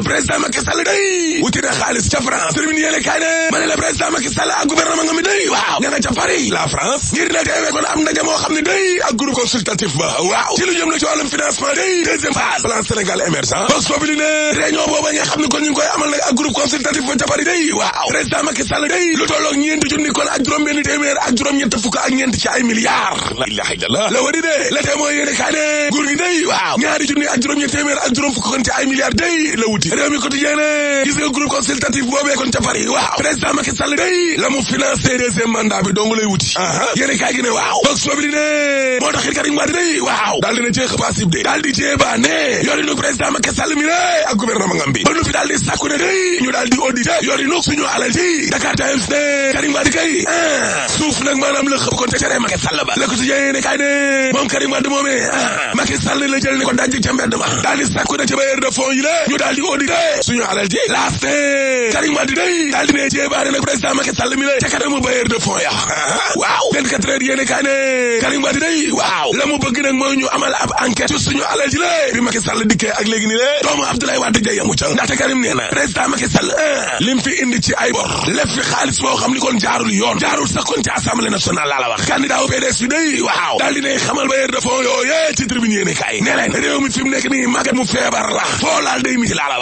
président Macky Sall day wuti na xaalis ca France termine yéene kaay ne ma président Macky ak gouvernement nga mi day waaw ña nga ca Paris la France ngir na kon am ndaje xam ne day ak groupe consultatif ba waaw ci lu jëm na ci wàllum financement day deuxième phase Sénégal émergent bos populi ne réunion booba nga xam ne kon ñu koy amal nag ak groupe consultatif ba ca Paris day waaw président Macky day lu tolloog ñeenti junni kon réew mi quotidien ne gis nga groupe consultatif boobee kon ca Paris waaw président Macky Sall day la mu financé deuxième mandat bi dong lay wuti aa yéene kaay gi ne waaw boog soobli ne moo tax it Karim Wade day waaw daal dina cee xapaasib de daal di cee baa ne yorinu président Macky Sall mi ne ak gouvernement ngam bi ba nu fi daal di sàkku ne day ñu daal di audité yorinu suñu Dakar Times ne Karim Wade kay a ah, nag maanaam la kon ca cere Macky Sall ba ah, la jël audité suñu alal ji laast Karim Wade day daal dine mi la ca kanamu bailleur de fonds ya ah, waaw 24 heures yéene kaa ne Karim Wade day waaw la mu bëgg nag mooy ñu amal ab enquête ci suñu alal ji la bi Macky Sall dikkee ak léegi ni le doomu Abdoulaye Wade day yamu ca ndaxte Karim nee na président Macky Sall ah, lim fi indi ci ay bor lef fi xaalis boo xam ni kon jaarul yoon jaarul sax kon ci assemblée nationale laa la wax candidat u PDS bi day waaw daal dinay xamal bailleur de fonds yooyee ci tribune yéene kaay ne leen réew mi fi mu nii màggat mu feebar la foo laal day mi ci laa la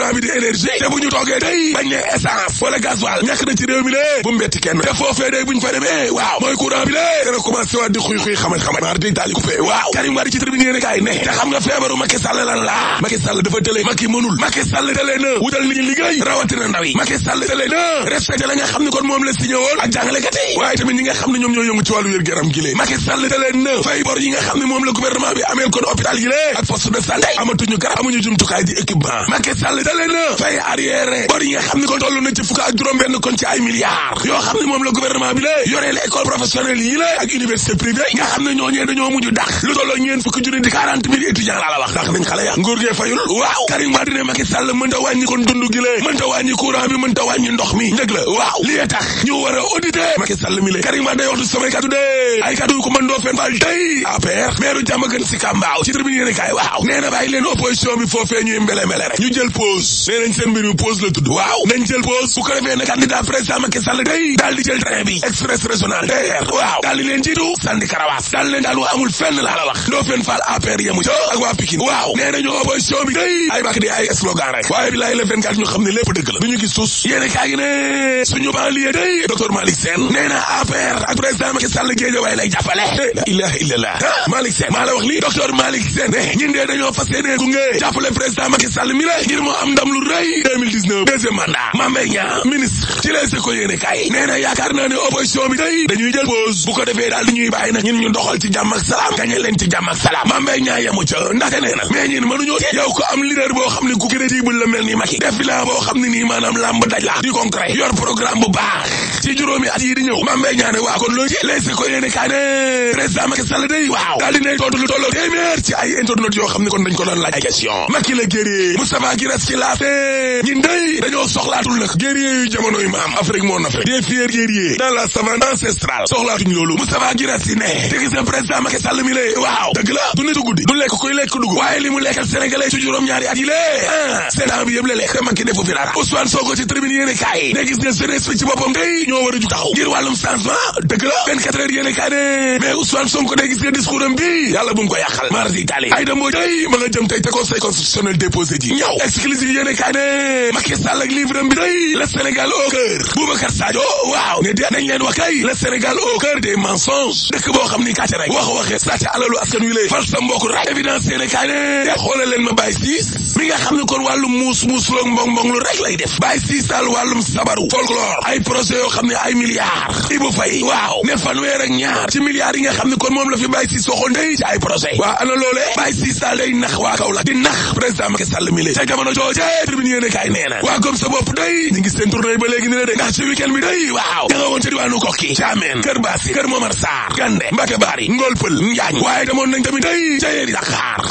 programme yi di énergie te bu ñu toogee day bañ ne essence wala gasoil ñàkk na ci réew mi lée bu mbetti kenn te foofee day bu ñu fa demee waaw mooy courant bi lée dana commencé waat di xuy xuy xamat xamat moom la signé woon ak jàngalekat yi waaye tamit ñi nga xam ne ñoom ñoo yëngu ci wàllu wér garam gi lée Macky Sall tële na fay bor yi nga xam ne moom la gouvernement bi ameel kon hôpital yi lée ak poste de santé amatuñu garab amuñu jumtukaay di équipement Macky Sall tële na fay arrière bor yi nga xam ne kon toll na ci fukk juróom benn kon ci ay milliards yoo xam ne moom la gouvernement bi la yoree la école professionnelle yi la ak université privée nga xam ne ñooñee dañoo mujj dax lu tolloo ñeen fukki junni di quarante laa la wax dax nañ xale ya nguur gee fayul waaw Karim Wade ne Macky Sall mën ta wàññi kon dund gi la mën ta wàññi courant bi mën ta wàññi ndox mi njëg la waaw li tax ñu war a auditer Macky pause nee nañ seen mbir mi pause la tudd waaw nañ jël pause bu ko defee ne candidat président Macky Sall day daal di jël train bi express régional DR waaw daal di sandi karawaas daal leen daal wax amul fenn laa la wax doo fenn faal APR yemu ca ak waa Pikine waaw nee nañu opposition bi day ay bàkk di ay slogan rek waaye bi laay le 24 ñu xam ne lépp dëgg la du ñu gis suus yéene kaa ngi ne suñu banlieue day docteur Malick Sène nee na APR ak président Macky Sall Guédiawaye lay am ndam lu rëy 2019 deuxième mandat Mame Mbaye Niang ministre ci Les Échos yéene kay nee na yaakaar naa ne opposition bi tey dañuy jël pause bu ko defee daal di ñuy bàyyi nag ñu doxal ci jàmm ak salaam gañe ci jàmm ak salaam Mame Mbaye yamu ca ndaxte nee na mais ñun mënuñoo ci yow ko am leader boo xam ne ku crédible la mel ni Macky def bilan boo xam ne nii maanaam làmb daj la di concret yor programme bu baax ci juróomi at yi di ñëw Mame Mbaye ne waa ko laas ñun day dañoo soxlaatul nag guerrier yu jamonoy maam Afrique moo na fekk des fiers guerriers dans la savane ancestrale soxlaatuñ loolu Moustapha Guirassy ne te gis nga président Macky Sall mi lay waaw dëgg la du nitu guddi du lekk kuy lekk dugub waaye li mu lekkal sénégalais ci juróom-ñaari at yi ah. bi yëpp la lekk Macky defu fi dara Ousmane Sonko ci tribune yéene kaay gis nga jeunesse bi ci boppam day ñoo war a jug ngir wàllum changement la 24 heures yéene kaay ne mais Ousmane tribune yéene kaay ne Macky Sall ak livre bi day le Sénégal au cœur Boubacar Sadio waaw ne dee nañ leen wax kay le Sénégal au cœur des mensonges dëkk boo xam ni kàcce rek wax waxee sàcc alalu askan wi lay far sa mbokk rek évidence yéene kaay ne te xoolal leen ma Baye Ciss mi nga xam ne kon wàllum muus muus loog mbong mbong lu rek lay def Baye Ciss daal wàllum sabaru folklore ay projet yoo xam ne ay milliards Ibou Faye waaw ne fanweer ak ñaar ci milliards yi nga xam ne jooje tribune yéene kaay nee na waa gëm sa bopp day ñu ngi seen tournée ba léegi ni de ndax ci week bi day waaw da nga woon ca diwaanu kokki caameen kër baasi kër momar sarr gande mbake baari ngol pël njaañ waaye demoon nañ tamit day ca yéeri dakar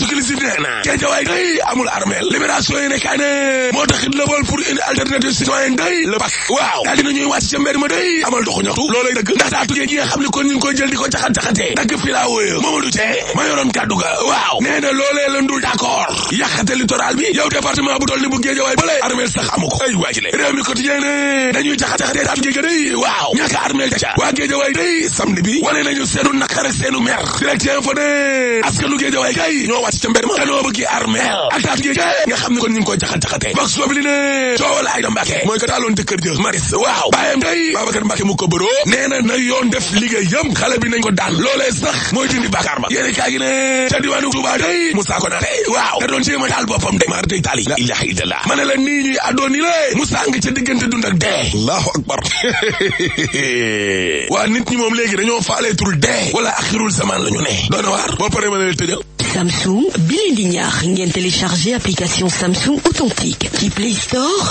exclusif nee na Géejawaay day amul armeel libération yi nekkaay ne moo taxit la woon pour une alternative citoyenne day le PAC waaw daal dina ñuy wàcc ca mbedd ma day amal doxu ñaxtu loolay dëgg ndax daa tukkee gi xam ne kon ñu ngi koy jël di ko caxat-caxatee dagg filaawoya Mamadou Tee ma yoroon kàddu ga waaw nee na loolee lan dul d'accord yàqate littoral bi yow département bu toll ni bu Géejawaay ba armeel sax amu ko ay waa ji le ne dañuy caxat-caxatee wàcc ca mbedd ma danoo armeel ak taat gi ah. nga xam ne kon ñu ngi koy jaxat-jaxate vox populi ne coowal ay da Mbàkke mooy ko taaloon te kër jë maris waaw bàyyam tey Babacar Mbàkke mu ko bëroo nee na na yoon def liggéeyam xale bi nañ ko daan loolee moo mooy dindi bàkkaar ba yéene kaa gi ne ca diwaanu Tuubaa tey Moussa Konaté waaw da doon jéem a taal boppam de maar day taali la ilaha illallah ma ne la nii ñuy addoon yi lée Moussa ngi ca diggante dund ak ñi moom léegi dañoo faaleetul dee wala axirul zaman la ñu ne doona waar boo pare ma ne la Samsung bi leen di ñaax ngeen télécharger Samsung authentique ci Play Store